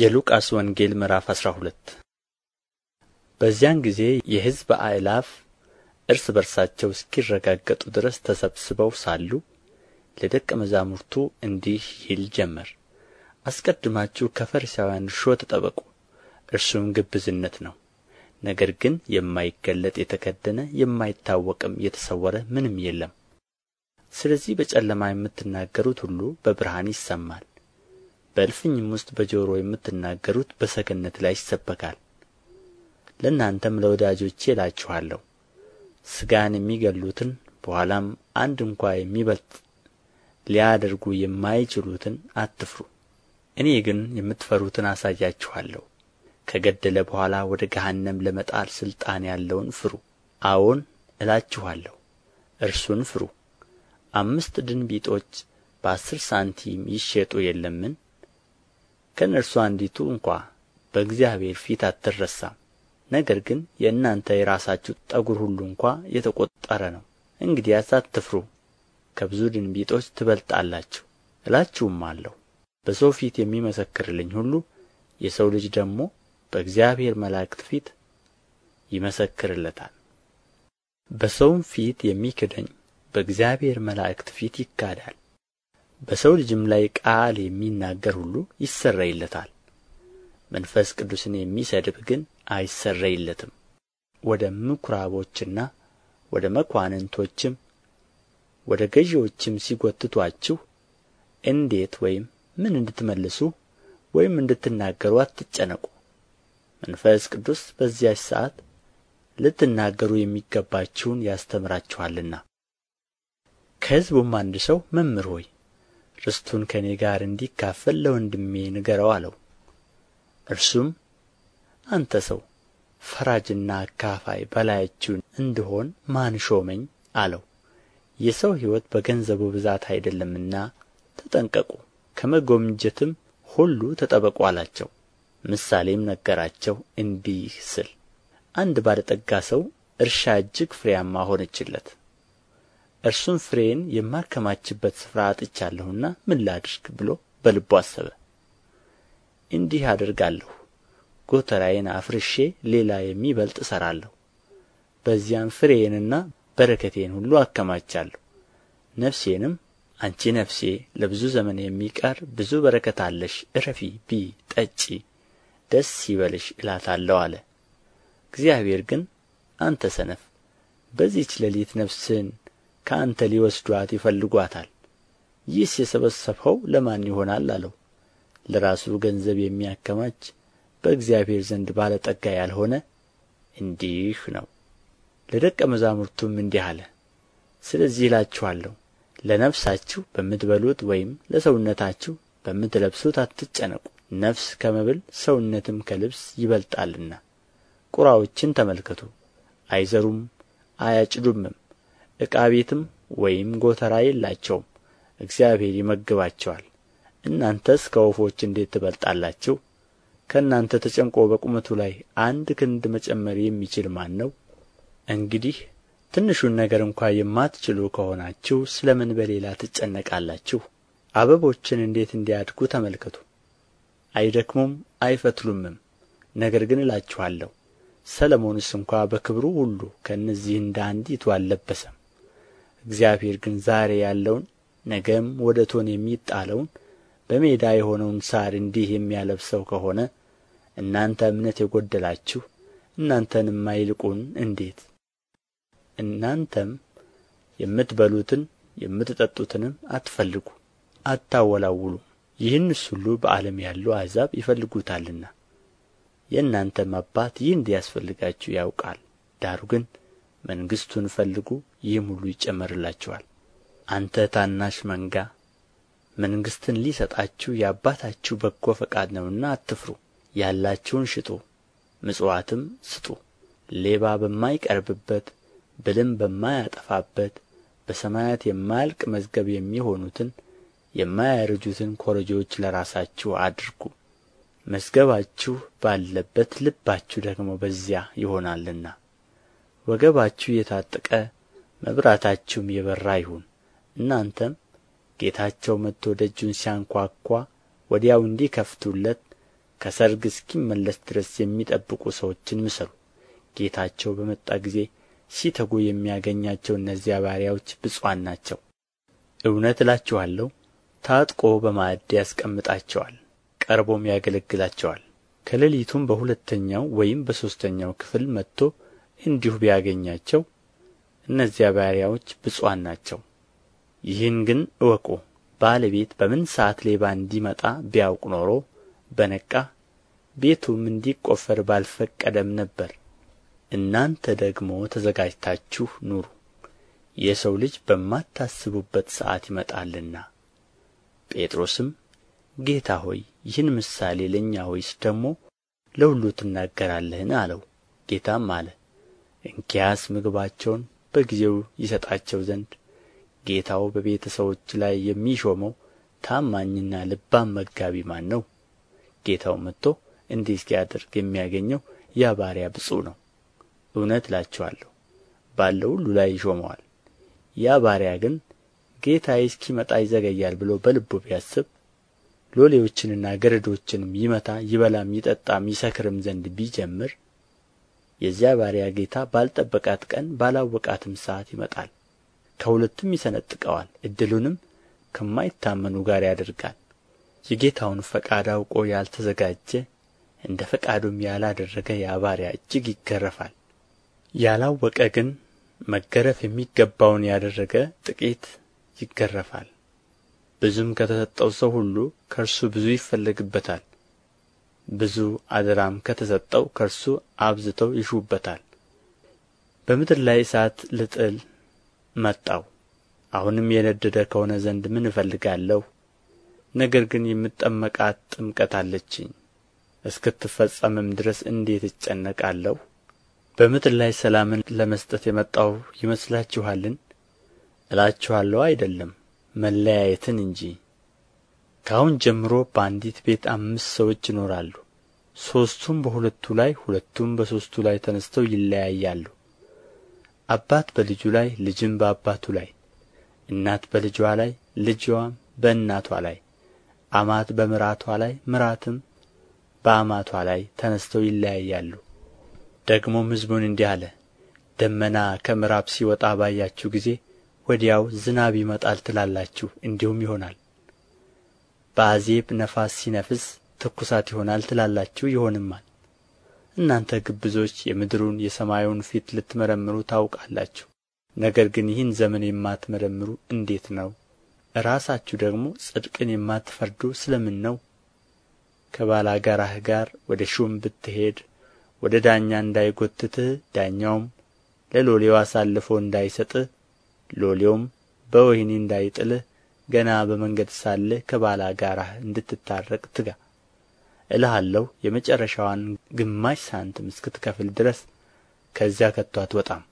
የሉቃስ ወንጌል ምዕራፍ 12 በዚያን ጊዜ የሕዝብ አእላፍ እርስ በርሳቸው እስኪረጋገጡ ድረስ ተሰብስበው ሳሉ ለደቀ መዛሙርቱ እንዲህ ይል ጀመር አስቀድማችሁ ከፈሪሳውያን እርሾ ተጠበቁ፣ እርሱም ግብዝነት ነው። ነገር ግን የማይገለጥ የተከደነ የማይታወቅም የተሰወረ ምንም የለም። ስለዚህ በጨለማ የምትናገሩት ሁሉ በብርሃን ይሰማል፣ በእልፍኝም ውስጥ በጆሮ የምትናገሩት በሰገነት ላይ ይሰበካል ለእናንተም ለወዳጆቼ እላችኋለሁ ሥጋን የሚገሉትን በኋላም አንድ እንኳ የሚበልጥ ሊያደርጉ የማይችሉትን አትፍሩ እኔ ግን የምትፈሩትን አሳያችኋለሁ ከገደለ በኋላ ወደ ገሃነም ለመጣል ሥልጣን ያለውን ፍሩ አዎን እላችኋለሁ እርሱን ፍሩ አምስት ድንቢጦች በአስር ሳንቲም ይሸጡ የለምን ከእነርሱ አንዲቱ እንኳ በእግዚአብሔር ፊት አትረሳም ነገር ግን የእናንተ የራሳችሁ ጠጉር ሁሉ እንኳ የተቆጠረ ነው እንግዲያስ አትፍሩ ከብዙ ድንቢጦች ትበልጣላችሁ እላችሁም አለሁ በሰው ፊት የሚመሰክርልኝ ሁሉ የሰው ልጅ ደግሞ በእግዚአብሔር መላእክት ፊት ይመሰክርለታል በሰውም ፊት የሚክደኝ በእግዚአብሔር መላእክት ፊት ይካዳል በሰው ልጅም ላይ ቃል የሚናገር ሁሉ ይሰረይለታል መንፈስ ቅዱስን የሚሰድብ ግን አይሰረይለትም ወደ ምኵራቦችና ወደ መኳንንቶችም ወደ ገዢዎችም ሲጎትቷችሁ እንዴት ወይም ምን እንድትመልሱ ወይም እንድትናገሩ አትጨነቁ። መንፈስ ቅዱስ በዚያች ሰዓት ልትናገሩ የሚገባችሁን ያስተምራችኋልና። ከሕዝቡም አንድ ሰው መምህር ሆይ ርስቱን ከእኔ ጋር እንዲካፈል ለወንድሜ ንገረው አለው እርሱም አንተ ሰው ፈራጅና አካፋይ በላያችሁ እንድሆን ማን ሾመኝ አለው የሰው ሕይወት በገንዘቡ ብዛት አይደለምና ተጠንቀቁ ከመጎምጀትም ሁሉ ተጠበቁ አላቸው ምሳሌም ነገራቸው እንዲህ ስል አንድ ባለጠጋ ሰው እርሻ እጅግ ፍሬያማ ሆነችለት እርሱም ፍሬዬን የማከማችበት ስፍራ አጥቻለሁና ምን ላድርግ ብሎ በልቡ አሰበ እንዲህ አደርጋለሁ ጎተራዬን አፍርሼ ሌላ የሚበልጥ እሠራለሁ በዚያም ፍሬዬንና በረከቴን ሁሉ አከማቻለሁ ነፍሴንም አንቺ ነፍሴ ለብዙ ዘመን የሚቀር ብዙ በረከት አለሽ እረፊ ቢ ጠጪ ደስ ይበልሽ እላታለሁ አለ እግዚአብሔር ግን አንተ ሰነፍ በዚች ሌሊት ነፍስን። ከአንተ ሊወስዱአት ይፈልጓታል። ይህስ የሰበሰብኸው ለማን ይሆናል አለው ለራሱ ገንዘብ የሚያከማች በእግዚአብሔር ዘንድ ባለ ጠጋ ያልሆነ እንዲህ ነው ለደቀ መዛሙርቱም እንዲህ አለ ስለዚህ እላችኋለሁ ለነፍሳችሁ በምትበሉት ወይም ለሰውነታችሁ በምትለብሱት አትጨነቁ ነፍስ ከመብል ሰውነትም ከልብስ ይበልጣልና ቁራዎችን ተመልከቱ አይዘሩም አያጭዱምም ዕቃ ቤትም ወይም ጎተራ የላቸውም እግዚአብሔር ይመግባቸዋል እናንተስ ከወፎች እንዴት ትበልጣላችሁ ከእናንተ ተጨንቆ በቁመቱ ላይ አንድ ክንድ መጨመር የሚችል ማን ነው እንግዲህ ትንሹን ነገር እንኳ የማትችሉ ከሆናችሁ ስለ ምን በሌላ ትጨነቃላችሁ? አበቦችን እንዴት እንዲያድጉ ተመልከቱ፤ አይደክሙም አይፈትሉምም። ነገር ግን እላችኋለሁ ሰለሞንስ እንኳ በክብሩ ሁሉ ከእነዚህ እንደ አንዲቱ አልለበሰም። እግዚአብሔር ግን ዛሬ ያለውን ነገም ወደ እቶን የሚጣለውን በሜዳ የሆነውን ሳር እንዲህ የሚያለብሰው ከሆነ እናንተ እምነት የጎደላችሁ እናንተንማ ይልቁን እንዴት እናንተም የምትበሉትን የምትጠጡትንም አትፈልጉ አታወላውሉም ይህንስ ሁሉ በዓለም ያሉ አሕዛብ ይፈልጉታልና የእናንተም አባት ይህ እንዲያስፈልጋችሁ ያውቃል ዳሩ ግን መንግሥቱን ፈልጉ ይህም ሁሉ ይጨመርላችኋል አንተ ታናሽ መንጋ መንግሥትን ሊሰጣችሁ የአባታችሁ በጎ ፈቃድ ነውና አትፍሩ ያላችሁን ሽጡ ምጽዋትም ስጡ ሌባ በማይቀርብበት ብልም በማያጠፋበት በሰማያት የማያልቅ መዝገብ የሚሆኑትን የማያረጁትን ኮረጆዎች ለራሳችሁ አድርጉ መዝገባችሁ ባለበት ልባችሁ ደግሞ በዚያ ይሆናልና ወገባችሁ የታጠቀ መብራታችሁም የበራ ይሁን እናንተም ጌታቸው መጥቶ ደጁን ሲያንኳኳ ወዲያው እንዲከፍቱለት ከሰርግ እስኪመለስ ድረስ የሚጠብቁ ሰዎችን ምሰሉ ጌታቸው በመጣ ጊዜ ሲተጉ የሚያገኛቸው እነዚያ ባሪያዎች ብፁዓን ናቸው። እውነት እላችኋለሁ ታጥቆ በማዕድ ያስቀምጣቸዋል፣ ቀርቦም ያገለግላቸዋል። ከሌሊቱም በሁለተኛው ወይም በሦስተኛው ክፍል መጥቶ እንዲሁ ቢያገኛቸው እነዚያ ባሪያዎች ብፁዓን ናቸው ይህን ግን እወቁ ባለቤት በምን ሰዓት ሌባ እንዲመጣ ቢያውቅ ኖሮ በነቃ ቤቱም እንዲቆፈር ባልፈቀደም ነበር እናንተ ደግሞ ተዘጋጅታችሁ ኑሩ የሰው ልጅ በማታስቡበት ሰዓት ይመጣልና ጴጥሮስም ጌታ ሆይ ይህን ምሳሌ ለእኛ ወይስ ደግሞ ለሁሉ ትናገራለህን አለው ጌታም አለ እንኪያስ ምግባቸውን በጊዜው ይሰጣቸው ዘንድ ጌታው በቤተ ሰዎች ላይ የሚሾመው ታማኝና ልባም መጋቢ ማን ነው ጌታው መጥቶ እንዲህ ሲያደርግ የሚያገኘው ያ ባሪያ ብፁዕ ነው እውነት እላችኋለሁ ባለው ሁሉ ላይ ይሾመዋል ያ ባሪያ ግን ጌታዬ እስኪመጣ ይዘገያል ብሎ በልቡ ቢያስብ ሎሌዎችንና ገረዶችንም ይመታ ይበላም ይጠጣም ይሰክርም ዘንድ ቢጀምር የዚያ ባሪያ ጌታ ባልጠበቃት ቀን ባላወቃትም ሰዓት ይመጣል ከሁለትም ይሰነጥቀዋል እድሉንም ከማይታመኑ ጋር ያደርጋል የጌታውን ፈቃድ አውቆ ያልተዘጋጀ እንደ ፈቃዱም ያላደረገ ያ ባሪያ እጅግ ይገረፋል ያላወቀ ግን መገረፍ የሚገባውን ያደረገ ጥቂት ይገረፋል ብዙም ከተሰጠው ሰው ሁሉ ከእርሱ ብዙ ይፈለግበታል ብዙ አደራም ከተሰጠው ከእርሱ አብዝተው ይሹበታል በምድር ላይ እሳት ልጥል መጣው አሁንም የነደደ ከሆነ ዘንድ ምን እፈልጋለሁ ነገር ግን የምጠመቃት ጥምቀት አለችኝ እስክትፈጸምም ድረስ እንዴት እጨነቃለሁ በምድር ላይ ሰላምን ለመስጠት የመጣሁ ይመስላችኋልን እላችኋለሁ አይደለም መለያየትን እንጂ ከአሁን ጀምሮ በአንዲት ቤት አምስት ሰዎች ይኖራሉ ሦስቱም በሁለቱ ላይ ሁለቱም በሦስቱ ላይ ተነስተው ይለያያሉ አባት በልጁ ላይ ልጅም በአባቱ ላይ እናት በልጇ ላይ ልጅዋም በእናቷ ላይ አማት በምራቷ ላይ ምራትም በአማቷ ላይ ተነስተው ይለያያሉ። ደግሞም ሕዝቡን እንዲህ አለ፣ ደመና ከምዕራብ ሲወጣ ባያችሁ ጊዜ ወዲያው ዝናብ ይመጣል ትላላችሁ፣ እንዲሁም ይሆናል። በአዜብ ነፋስ ሲነፍስ ትኩሳት ይሆናል ትላላችሁ ይሆንማል እናንተ ግብዞች የምድሩን የሰማዩን ፊት ልትመረምሩ ታውቃላችሁ ነገር ግን ይህን ዘመን የማትመረምሩ እንዴት ነው ራሳችሁ ደግሞ ጽድቅን የማትፈርዱ ስለ ምን ነው ከባላጋራህ ጋር ወደ ሹም ብትሄድ ወደ ዳኛ እንዳይጎትትህ ዳኛውም ለሎሌው አሳልፎ እንዳይሰጥህ ሎሌውም በወህኒ እንዳይጥልህ ገና በመንገድ ሳለህ ከባላጋራህ እንድትታረቅ ትጋ እልሃለሁ የመጨረሻዋን ግማሽ ሳንቲም እስክትከፍል ድረስ ከዚያ ከቶ አትወጣም